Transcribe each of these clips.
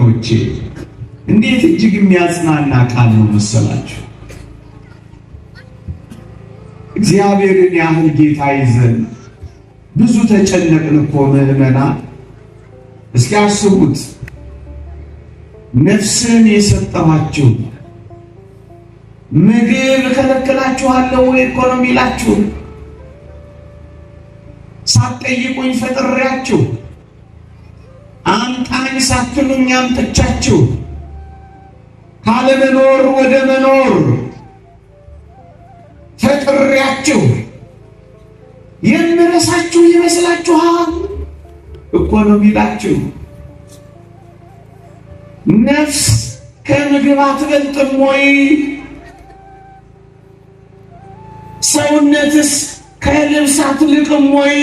ወገኖቼ እንዴት እጅግ የሚያጽናና ቃል ነው መሰላችሁ። እግዚአብሔርን ያህል ጌታ ይዘን ብዙ ተጨነቅን እኮ ምዕመና። እስኪ አስቡት ነፍስን የሰጠኋችሁ ምግብ እከለክላችኋለሁ ወይ እኮ ነው የሚላችሁ። ሳትጠይቁኝ ፈጥሬያችሁ አምጣኝ ሳትሉኝ አምጥቻችሁ ካለመኖር ወደ መኖር ፈጥሬያችሁ የምረሳችሁ ይመስላችኋል እኮ ነው የሚላችሁ። ነፍስ ከምግብ አትበልጥም ወይ? ሰውነትስ ከልብስ አትልቅም ወይ?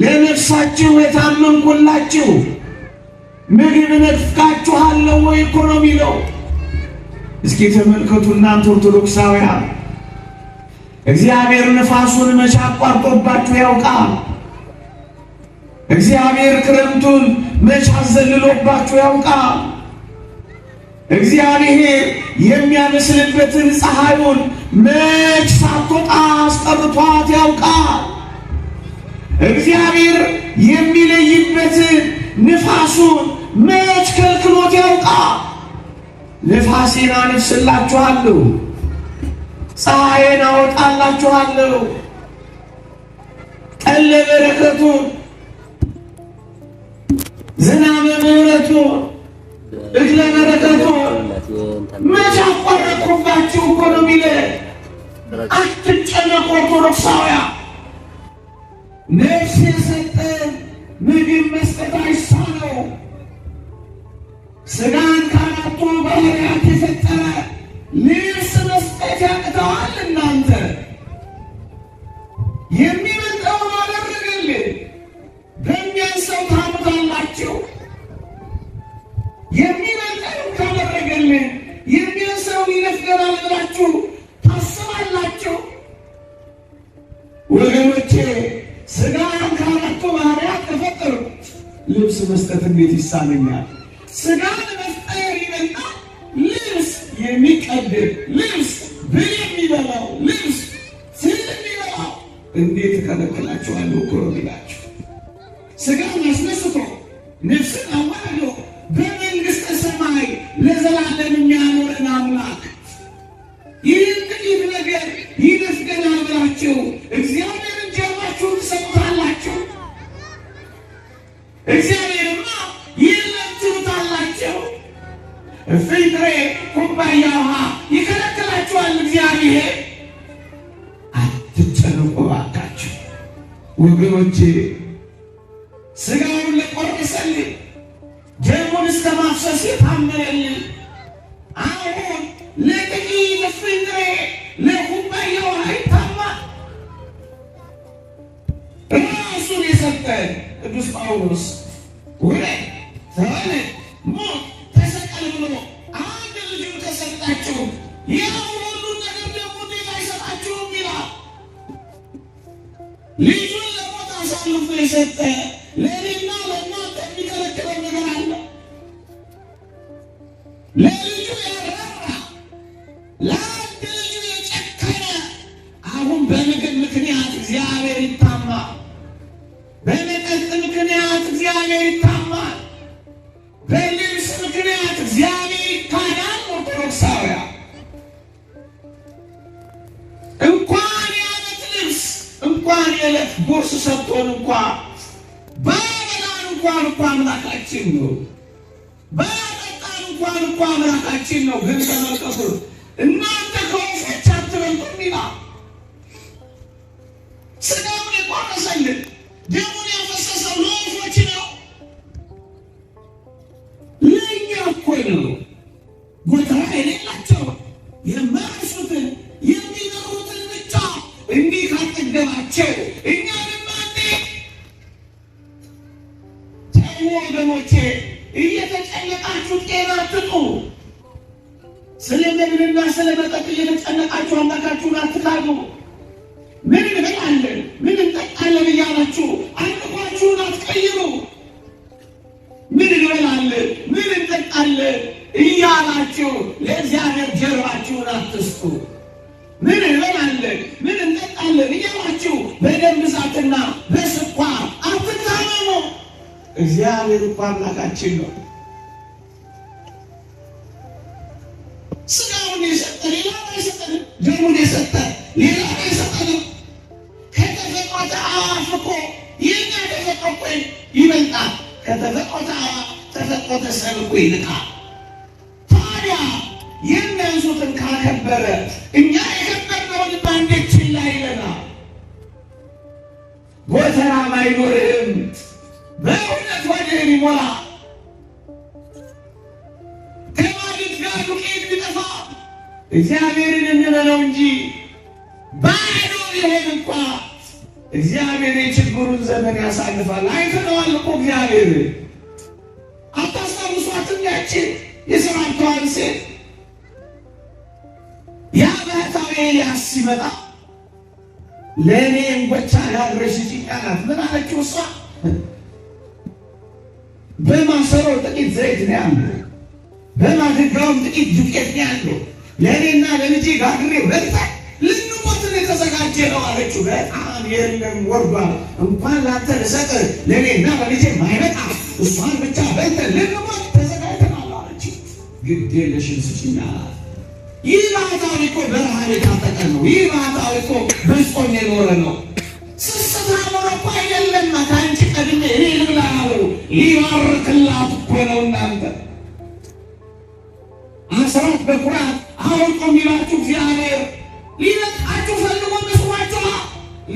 ለነፍሳችሁ የታመንኩላችሁ ምግብ ነፍቃችኋለሁ ወይ እኮ ነው የሚለው። እስኪ ተመልከቱ እናንተ ኦርቶዶክሳውያን፣ እግዚአብሔር ነፋሱን መቼ አቋርጦባችሁ ያውቃል? እግዚአብሔር ክረምቱን መቼ አዘልሎባችሁ ያውቃል? እግዚአብሔር የሚያመስልበትን ፀሐዩን መች ሳትወጣ አስጠርቷት ያውቃል? እግዚአብሔር የሚለይበት ንፋሱ መች ከልክሎት ያውቃ? ንፋሴን አነፍስላችኋለሁ፣ ፀሐይን አወጣላችኋለሁ፣ ጠለ በረከቱን ዝናበ ምሕረቱን እግለ በረከቱን መች አቋረጥኩባችሁ እኮ ነው የሚለን። አትጨነቁ ኦርቶዶክሳውያን ነፍስ የሰጠ ምግብ መስጠት አይሳነው። ሥጋን ከአራቱ ባህርያት የፈጠረ ልብስ መስጠት ያቅተዋል። እናንተ የሚበልጠውን አደረገልን፣ በሚያንሰው ታሙታላችሁ። የሚበልጠውን ካደረገልን የሚያንሰውን ይነፍገናል ብላችሁ ታስባላችሁ ወገኖች? ልብስ መስጠት እንዴት ይሳነኛል? ስጋ ለመፍጠር ይበልጣ ልብስ የሚቀድር ልብስ ብር የሚበላው ልብስ ስለሚበላው እንዴት እከለክላቸዋለሁ? ጎረቤላቸው ስጋ ማስነስቶ ነፍስ ኩባያ ውሃ ይከለክላችኋል እግዚአብሔር። አትጨንቁ እባካችሁ ወገኖቼ። ስጋውን ለቆረሰልን ደሙን እስከ ማፍሰስ የታመነልን አሁን ለጥቂት ለፍንድሬ ለኩባያ ውሃ ይታማል። ራሱን የሰጠን ቅዱስ ጳውሎስ ውለ ተባለ አይሰጣችሁም። ይህ ሁሉ ነገር ደግሞ ጌታ አይሰጣችሁም ይላል። ልጁን ለሞት አሳልፎ የሰጠ ለእኔና የዕለት ጉርስ ሰጥቶን እንኳ በበላን እንኳን እንኳ አምላካችን ነው። በጠጣን እንኳን እንኳ አምላካችን ነው። ግን ተመልከቱ እናንተ ከወፎች አትበልጡም ይላል። ስጋውን የቆረሰልን ደሙን ያፈሰሰው ለወፎች ነው? ለእኛ እኮ ነው። የሌላቸው ናቸው። እኛንም አንዴ ተዉ ወገኖቼ፣ እየተጨነቃችሁ ጤና አትጡ። ስለ ምግብና ስለ መጠጥ እየተጨነቃችሁ አምላካችሁን አትካዱ። ምን እንበላለን ምን እንጠጣለን እያላችሁ አምልኳችሁን አትቀይሩ። ምን እንበላለን ምን እንጠጣለን እያላችሁ ለእግዚአብሔር ጀርባችሁን አትስጡ። ምን እንበላለን ምን እንጠጣለን በቅባትና በስኳር አትታመሙ ነው። እግዚአብሔር እኮ አምላካችን ነው። ስጋውን የሰጠ ሌላ የሰጠን ደሙን የሰጠ ሌላ የሰጠን እኮ የኛ ተፈጥሮ እኮ ይበልጣል። እኮ ይልቃል። ታዲያ ካከበረ እኛ የከበርነውን ባንዴች ጎተራ አይኖርህም። በእውነት ወድህን ይሞላ ከማድት ጋር ዱቄት ቢጠፋ እግዚአብሔርን እንበለው እንጂ ባዶ ይሆን እንኳ እግዚአብሔር የችግሩን ዘመን ያሳልፋል። አይተነዋል እኮ እግዚአብሔር። አታስታውሷትም? ያችን የሰማርቷን ሴት ያ ባህታዊ ኤልያስ ሲመጣ ለእኔ እንጎቻ ላድረሽ ስጪኝ አላት። ምን አለችው እሷ? በማሰሮ ጥቂት ዘይት ነው ያለው፣ በማድጋውም ጥቂት ዱቄት ነው ያለው። ለእኔና ለልጄ ጋግሬ በልተን ልንሞት የተዘጋጀ ነው አለችው። በጣም የለም ወርዷል፣ እንኳን ላንተ ልሰጥ ለእኔና ለልጄ ማይበቃ እሷን ብቻ በልተን ልንሞት ተዘጋጅተናል አለችው። ግድ የለሽም ስጪኝ አላት። ይህ ባህታዊ እኮ በረሃብ የታጠቀ ነው። ይህ ባህታዊ እኮ በጾም የኖረ ነው። ስስት ኖረ እኮ አይደለም። ከአንቺ ቀድሜ እኔ ልብላ ሊባርክላት እኮ ነው። እናንተ አስራት በኩራት አውቆ የሚላችሁ እግዚአብሔር ሊነቃችሁ ፈልጎ መስዋችኋ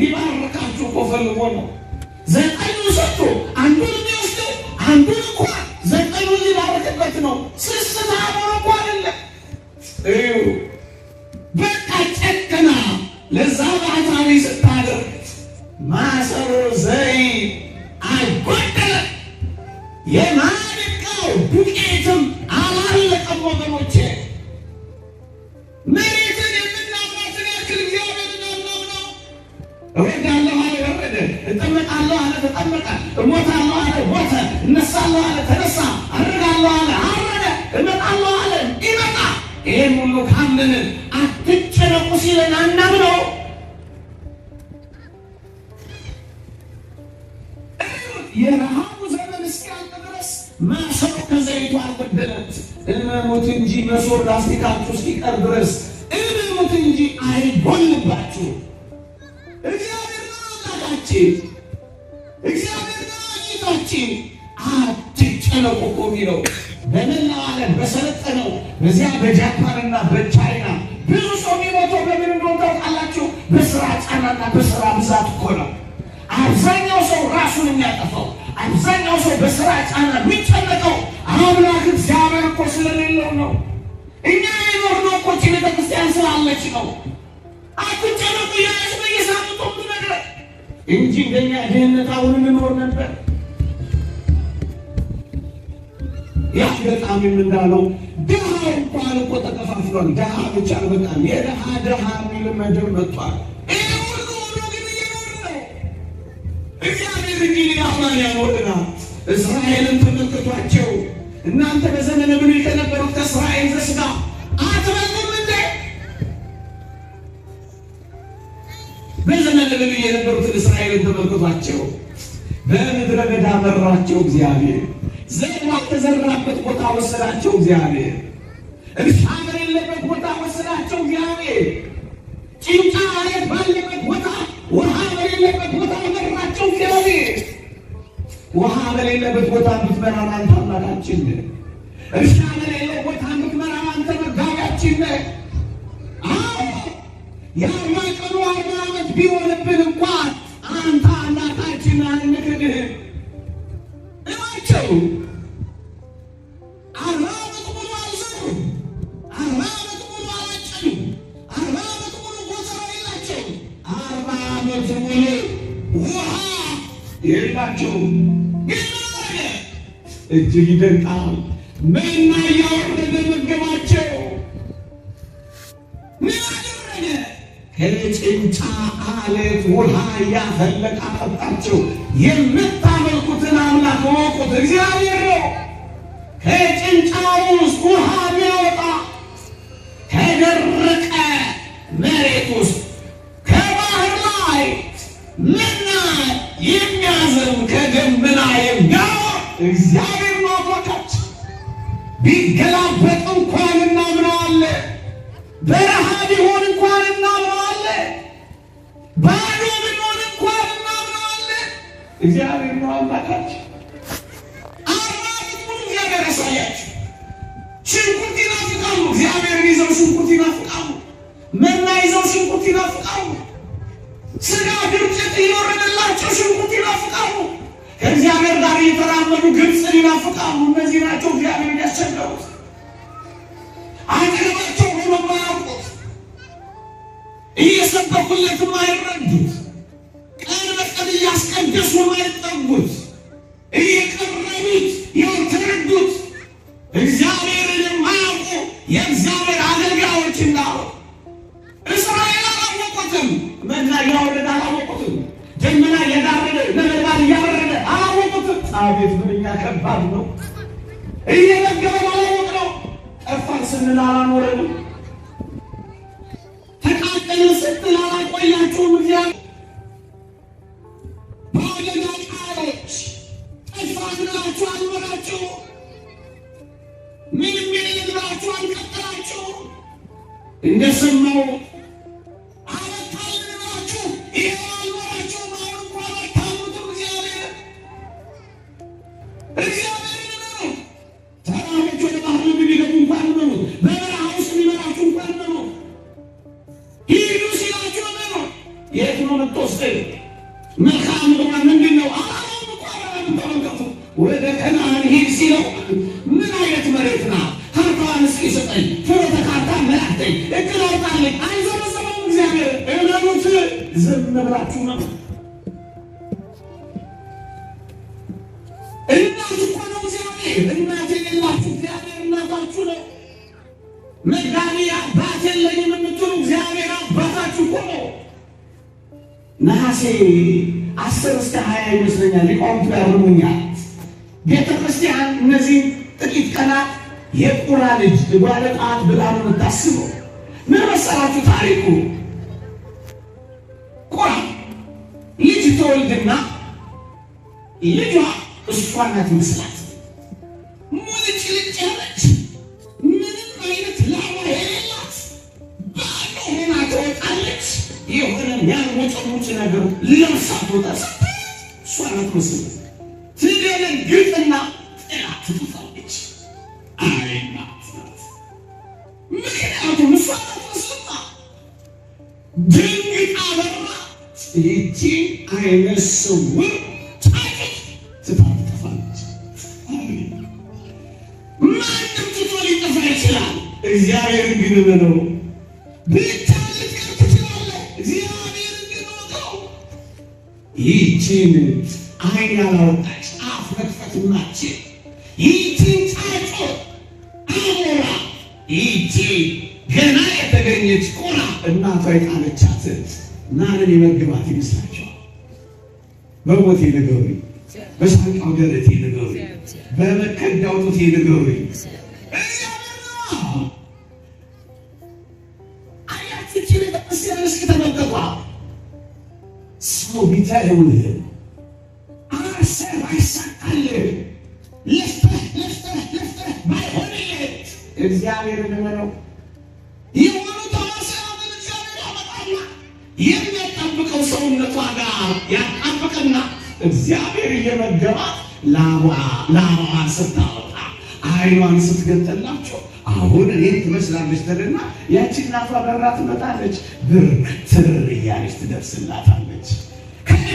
ሊባርካችሁ እኮ ፈልጎ ነው። ዘጠኙ ሰጥቶ አንዱን የሚወስደው አንዱን እንኳ ዘጠኙን ሊባርክበት ነው። ስስት ኖረ እኮ በቃ ጨክና ለዛ ባታዊ ስታደርግ ማሰሮ ዘይት የረሃቡ ዘመን እስኪያልቅ ድረስ መሶብ ከዘይቱ አልጎደለት። እመኑት እንጂ መሶብ ላስቲካችሁ እስኪቀር ድረስ እመኑት እንጂ አይጎልባችሁ። እግዚአብሔር አምላካችን፣ እግዚአብሔር ጌታችን። አትጨነቁ እኮ የሚለው በመላው ዓለም በሰለጠነው በዚያ በጃፓንና በቻይና ብዙ ሰው የሚሞተው በምን እንደሆነ ታውቃላችሁ? በስራ ጫናና በስራ ብዛት እኮ ነው። አብዛኛው ሰው ራሱን የሚያጠፋው አብዛኛው ሰው በስራ ጫና የሚጨነቀው አምላክ እግዚአብሔር እኮ ስለሌለው ነው። እኛ የኖርነው እኮ ቤተክርስቲያን ስላለች ነው። አትጨነቁ ያለች በየሳምንቱ የምትነግረን እንጂ እንደኛ ድህነት አሁን እንኖር ነበር። ያ ገጣሚም እንዳለው ድሃ እንኳን እኮ ተከፋፍሏል። ድሃ ብቻ በጣም የድሃ ድሃ የሚል መድር መጥቷል። ድርጊት ናማን ያኖርናል። እስራኤልን ተመልክቷቸው እናንተ በዘመነ ብሉይ ከነበሩት ከእስራኤል ዘሥጋ አትበልጡም እንዴ? በዘመነ ብሉይ የነበሩትን እስራኤልን ተመልክቷቸው በምድረ በዳ መራቸው እግዚአብሔር። ዘር ያልተዘራበት ቦታ ወሰዳቸው እግዚአብሔር። እርሻ የሌለበት ቦታ ወሰዳቸው እግዚአብሔር። ጭንጫ ባለ ውሃ በሌለበት ቦታ ምትመራ አንተ አምላካችን ነህ። እርሻ በሌለ ቦታ ምትመራ አንተ መጋቢያችን ነህ። አዎ የአርባ ቀኑ አርባ ዓመት ቢሆን የላቸው እጅግ ይደንቃል። ምና እያወረደ መገባቸው ከጭንጫ አለት ውሃ እያፈለቀ አጠጣቸው። የምታመልኩትን አምላክ ወቁት፣ እግዚአብሔር ከጭንጫ ውስጥ ውሃ የሚያወጣ ከደረቀ መሬት ውስጥ ከባህር ላይ ከሰማይም ከደመናይም ጋር እግዚአብሔር ማወቃች ቢገላበጥ እንኳን እናምነዋለን። በረሃ ቢሆን እንኳን እናምነዋለን። ባዶ ቢሆን እንኳን እናምነዋለን። እግዚአብሔር ነው አምላካችን። አራቱን ነገር ያሳያችሁ። ሽንኩርት ይናፍቃሉ። እግዚአብሔርን ይዘው ሽንኩርት ይናፍቃሉ። መና ይዘው ሽንኩርት ይናፍቃሉ። ስጋ ድርጭት ይኖረንላቸው ሽንኩት ይናፍቃሉ። ከእግዚአብሔር ጋር እየተራመዱ ግብፅን ይናፍቃሉ። እነዚህ ናቸው እግዚአብሔር የሚያስቸገሩት አቅርባቸው ሆኖ ማያውቁት እየሰበኩለት ማይረዱት ቀን በቀን እያስቀደሱ ማይጠጉት አቤት ምንኛ ከባድ ነው። እየነገረ መለወጥ ነው። ጠፋን ስንል አላኖረንም። ተቃጠልን ስትል አላቆያችሁም። እዚያ በአደጋ ጠፋን ብላችሁ አልኖራችሁ፣ ምንም ብላችሁ አልቀጠላችሁ እንደሰማው Let's go! እናቴ የላችሁ እግዚአብሔር እናታችሁ ነው። መጋቢ አባት የለኝም የምትሉ እግዚአብሔር አባታችሁ እኮ ነው። ነሐሴ አስር እስከ ሀያ ይመስለኛል ሊቃውንቱ ያርሙኛል። ቤተ ክርስቲያን እነዚህ ጥቂት ቀናት የቁራ ልጅ ጓለ ጣት ብላ ነው የምታስበው። ምን መሰላችሁ ታሪኩ ቁራ ልጅ ልጇ እሷ ናት ይመስላል ውጭ ውጭ ነገሩ ለብሳ ትወጣ እሷ ናት መስለ ትገለን ጥላ ትጥፋለች። አይናት ምክንያቱም እሷ ተሰጣ ድንግጥ አበራ ይቺ አይነት ስውር ጫጭት ትታጠፋለች። ማንም ትቶ ሊጠፋ ይችላል። እግዚአብሔር ግን ምነው ብቻ ይህችን አይን ያላወጣች አፍ መክፈት ማችል ይህችን ጫጮ አሞራ ይህቺ ገና የተገኘች ቆራ እናቷ የጣለቻት ማንን የመግባት ይመስላችኋል? በሞቴ ንገሩኝ፣ በሳንቃው ደረቴ ንገሩኝ፣ በመከዳው ጡቴ ንገሩኝ አይሰራም። አሰብ አይሳካልህ። እግዚአብሔር ሰውነቷ ጋር እግዚአብሔር እየመገባት ላባዋ ስታወጣ አይኗን ስትገጠላቸው አሁን እኔን ትመስላለች ተደና ያቺ እናቷ በራ ትመጣለች። ብር ትር እያለች ትደርስላታለች።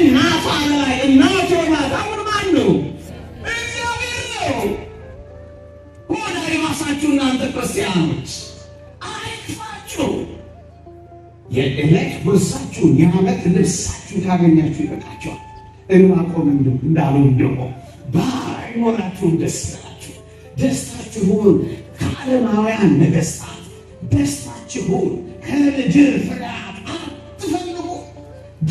እናቷ ላይ እናቴ ናት። አሁን ማን ነው? እግዚአብሔር ነው። ሆዳ ይባሳችሁ እናንተ ክርስቲያኖች አይክፋችሁ። የዕለት ብርሳችሁን የዓመት ልብሳችሁን ካገኛችሁ ይበቃችኋል። እንባ ቆም እንዳሉ ደግሞ ባይኖራችሁም ደስታችሁ ደስታችሁን ከዓለማውያን ነገሥታት ደስታችሁን ከምድር ፍርሃት አትፈልጉ።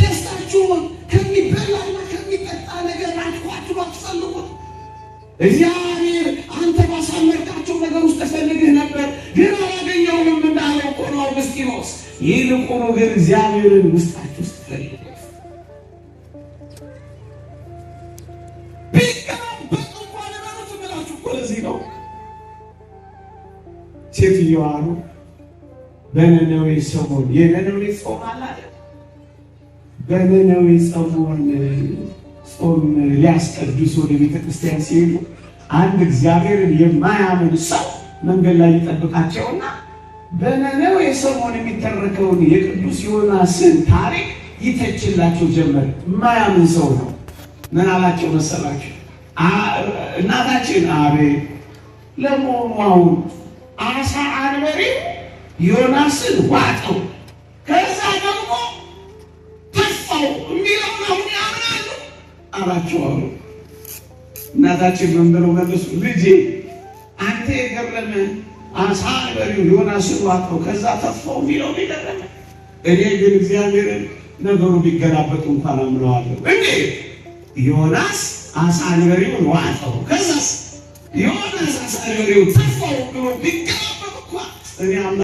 ደስታችሁን ከሚበላና ከሚጠጣ ነገር አድኳችሁ አትፈልጉት። እግዚአብሔር አንተ ባሳመርካቸው ነገር ውስጥ ተፈልግህ ነበር፣ ግን እንዳለው እኮ ነው አውግስጢኖስ። ይልቁኑ ግን እግዚአብሔርን ውስጣችሁ ውስጥ ነው በነነዌ ሰሞን የነነዌ ጾም አላለ በነነዌ ጸሙን ጾም ሊያስቀድሱ ወደ ቤተ ክርስቲያን ሲሄዱ አንድ እግዚአብሔርን የማያምን ሰው መንገድ ላይ ይጠብቃቸውና በነነዌ ሰሞን የሚተረከውን የቅዱስ ዮናስን ታሪክ ይተችላቸው ጀመር። ማያምን ሰው ነው። ምን አላቸው መሰላቸው? እናታችን አቤ ለመሆኑ አሁን አሳ አንበሬ ዮናስን ዋጠው ጣላቸው አሉ። እናታችን ምን ብለው መለሱ? ልጄ አንተ የገረመ አሳ አንበሪው ዮናስ ዋጠው ከዛ ተፋው የሚለው የገረመ እኔ ግን እግዚአብሔርን ነገሩ ቢገላበጡ እንኳን አምለዋለሁ። እንዴ ዮናስ አሳ አንበሪውን ዋጠው ከዛስ ዮናስ አሳ አንበሪው ተፋው ብሎ ቢገላበጥ እንኳ እኔ